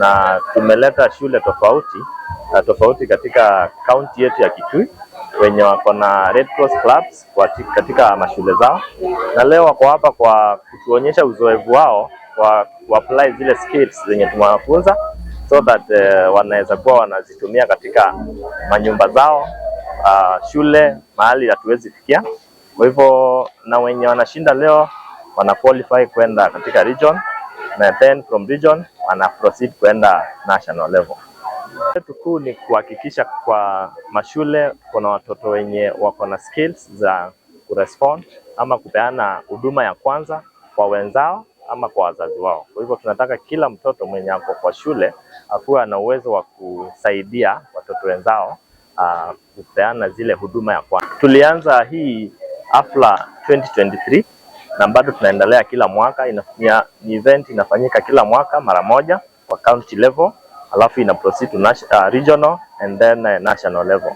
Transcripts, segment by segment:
Na tumeleta shule tofauti na tofauti katika kaunti yetu ya Kitui wenye wako na Red Cross clubs katika mashule zao, na leo wako hapa kwa kutuonyesha uzoefu wao kwa kuapply zile skills zenye tumewafunza so that uh, wanaweza kuwa wanazitumia katika manyumba zao, uh, shule mahali hatuwezi fikia. Kwa hivyo na wenye wanashinda leo wana qualify kwenda katika region na then from region wana proceed kwenda national level. Letu kuu ni kuhakikisha kwa mashule kuna watoto wenye wako na skills za kurespond ama kupeana huduma ya kwanza kwa wenzao ama kwa wazazi wao. Kwa hivyo tunataka kila mtoto mwenye ako kwa shule akuwe na uwezo wa kusaidia watoto wenzao uh, kupeana zile huduma ya kwanza. Tulianza hii afla 2023 na bado tunaendelea kila mwaka. Inafanyia event inafanyika kila mwaka mara moja kwa county level, alafu ina proceed to national, uh, regional and then uh, national level.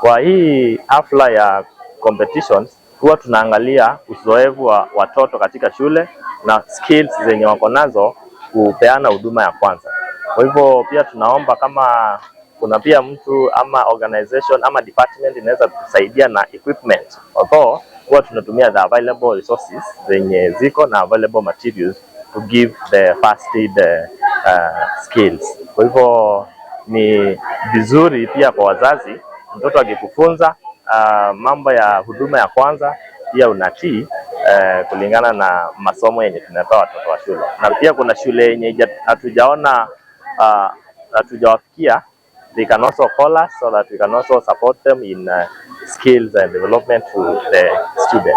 Kwa hii hafla ya competitions huwa tunaangalia uzoefu wa watoto katika shule na skills zenye wako nazo kupeana huduma ya kwanza. Kwa hivyo pia tunaomba kama kuna pia mtu ama organization ama department inaweza kusaidia na equipment, although huwa tunatumia the available resources zenye ziko na available materials to give the first aid uh, skills. Kwa hivyo ni vizuri pia kwa wazazi, mtoto akikufunza uh, mambo ya huduma ya kwanza pia unatii uh, kulingana na masomo yenye tunatoa watoto wa shule, na pia kuna shule yenye hatujaona ah, hatujawafikia uh, they can also call us so that we can also support them in uh, skills and development to the students.